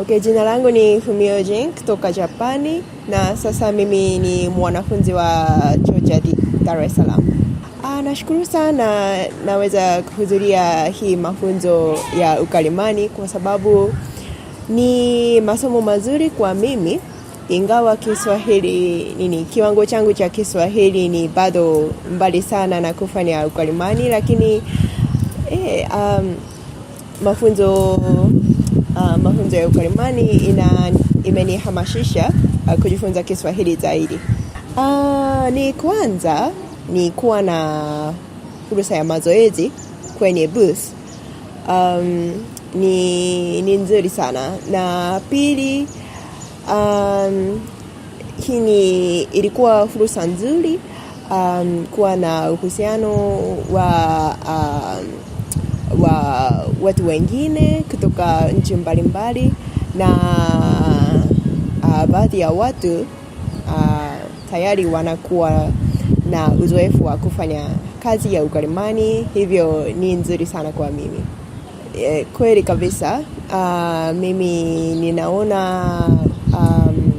Okay, jina langu ni Fumio Jin kutoka Japani na sasa mimi ni mwanafunzi wa chuo cha Dar es Salaam. Ah, nashukuru sana naweza kuhudhuria hii mafunzo ya ukalimani kwa sababu ni masomo mazuri kwa mimi ingawa Kiswahili nini, kiwango changu cha Kiswahili ni bado mbali sana na kufanya ukalimani, lakini eh, um, mafunzo uh, mafunzo ya ukalimani ina imenihamasisha uh, kujifunza Kiswahili zaidi. Uh, ni kwanza ni kuwa na fursa ya mazoezi kwenye bus um, ni, ni nzuri sana na pili um, hii ilikuwa fursa nzuri um, kuwa na uhusiano wa uh, watu wengine kutoka nchi mbalimbali na uh, baadhi ya watu uh, tayari wanakuwa na uzoefu wa kufanya kazi ya ukarimani hivyo ni nzuri sana kwa mimi. E, kweli kabisa. Uh, mimi ninaona um,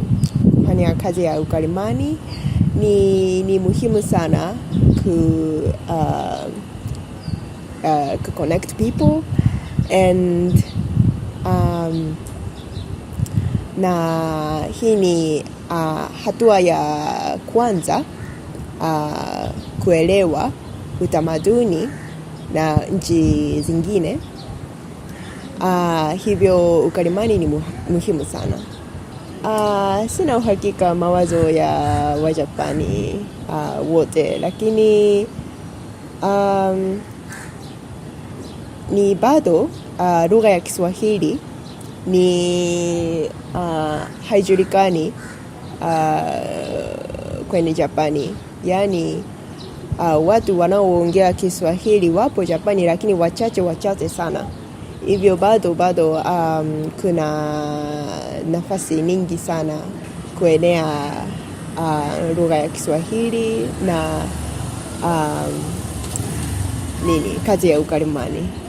kufanya kazi ya ukarimani ni, ni muhimu sana ku, uh, uh, ku connect people and um, na hii ni uh, hatua ya kwanza uh, kuelewa utamaduni na nchi zingine uh, hivyo ukalimani ni muhimu sana. Uh, sina uhakika mawazo ya Wajapani uh, wote, lakini um, ni bado uh, lugha ya Kiswahili ni uh, haijulikani uh, kwenye Japani, yaani uh, watu wanaoongea Kiswahili wapo Japani, lakini wachache wachache sana. Hivyo bado bado um, kuna nafasi nyingi sana kuenea uh, lugha ya Kiswahili na um, nini kazi ya ukarimani